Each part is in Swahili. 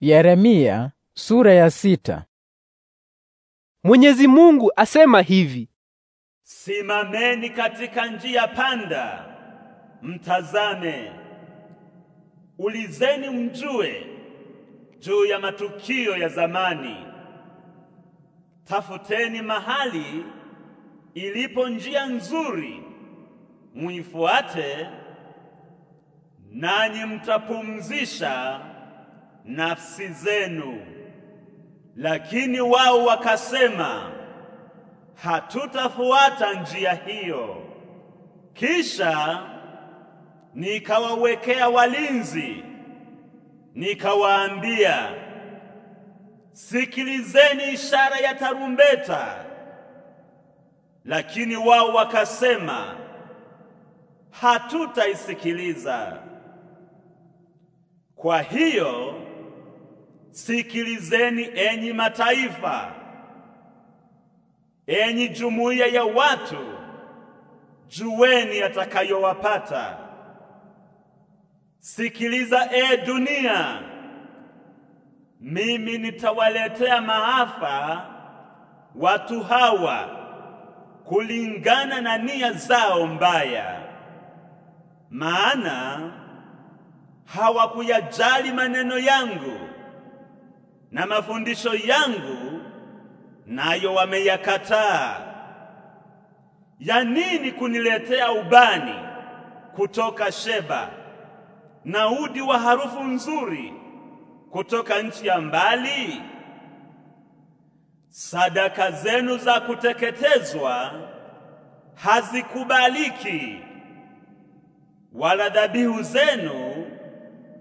Yeremia sura ya sita. Mwenyezi Mungu asema hivi: Simameni katika njia panda, mtazame. Ulizeni mjue juu ya matukio ya zamani. Tafuteni mahali ilipo njia nzuri, muifuate, nanyi mtapumzisha nafsi zenu, lakini wao wakasema, hatutafuata njia hiyo. Kisha nikawawekea walinzi, nikawaambia, sikilizeni ishara ya tarumbeta. Lakini wao wakasema, hatutaisikiliza. Kwa hiyo Sikilizeni enyi mataifa, enyi jumuiya ya watu, jueni yatakayowapata. Sikiliza e dunia, mimi nitawaletea maafa watu hawa kulingana na nia zao mbaya, maana hawakuyajali maneno yangu na mafundisho yangu nayo wameyakataa. Ya nini kuniletea ubani kutoka Sheba na udi wa harufu nzuri kutoka nchi ya mbali? Sadaka zenu za kuteketezwa hazikubaliki, wala dhabihu zenu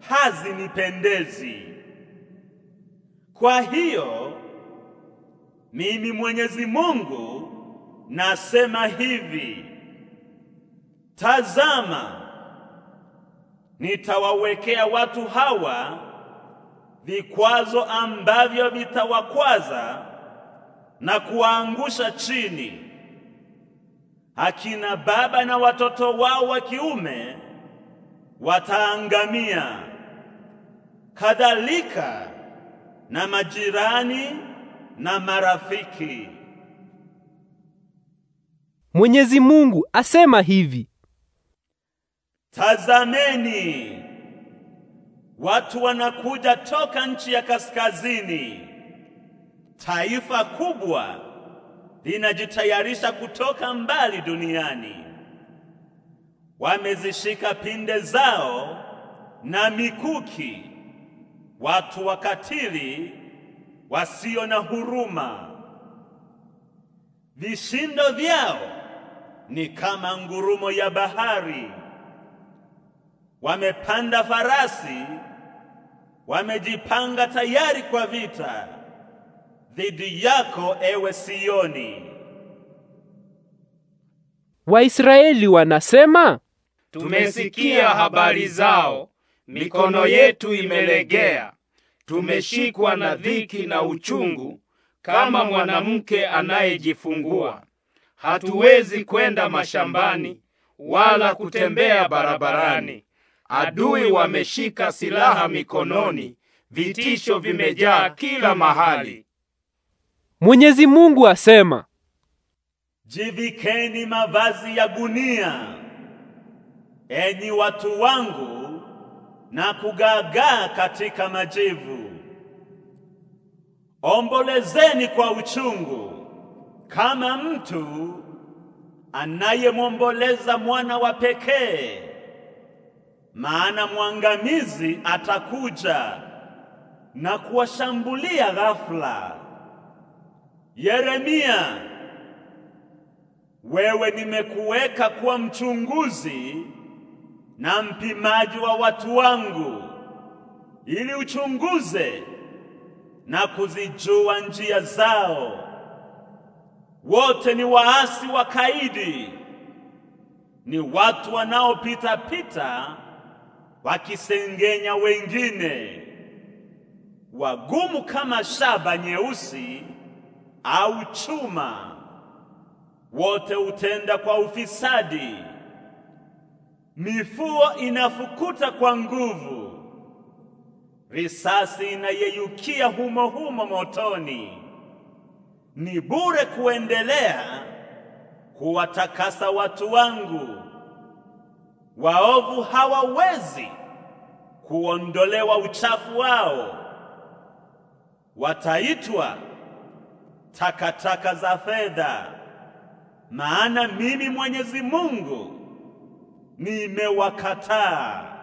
hazinipendezi. Kwa hiyo mimi Mwenyezi Mungu nasema hivi, tazama, nitawawekea watu hawa vikwazo ambavyo vitawakwaza na kuwaangusha chini, akina baba na watoto wao wa kiume wataangamia. Kadhalika na majirani na marafiki. Mwenyezi Mungu asema hivi: Tazameni, watu wanakuja toka nchi ya kaskazini. Taifa kubwa linajitayarisha kutoka mbali duniani. Wamezishika pinde zao na mikuki watu wakatili wasio na huruma. Vishindo vyao ni kama ngurumo ya bahari. Wamepanda farasi, wamejipanga tayari kwa vita dhidi yako, ewe Sioni. Waisraeli wanasema, tumesikia habari zao Mikono yetu imelegea, tumeshikwa na dhiki na uchungu kama mwanamke anayejifungua. Hatuwezi kwenda mashambani wala kutembea barabarani. Adui wameshika silaha mikononi, vitisho vimejaa kila mahali. Mwenyezi Mungu asema, jivikeni mavazi ya gunia, enyi watu wangu na kugaagaa katika majivu. Ombolezeni kwa uchungu kama mtu anayemwomboleza mwana wa pekee, maana mwangamizi atakuja na kuwashambulia ghafla. Yeremia, wewe nimekuweka kuwa mchunguzi na mpimaji wa watu wangu ili uchunguze na kuzijua njia zao. Wote ni waasi wa kaidi ni watu wanaopita pita wakisengenya wengine, wagumu kama shaba nyeusi au chuma. Wote utenda kwa ufisadi mifuo inafukuta kwa nguvu, risasi inayeyukia humo humo motoni. Ni bure kuendelea kuwatakasa watu wangu, waovu hawawezi kuondolewa uchafu wao. Wataitwa takataka za fedha, maana mimi Mwenyezi Mungu nimewakataa.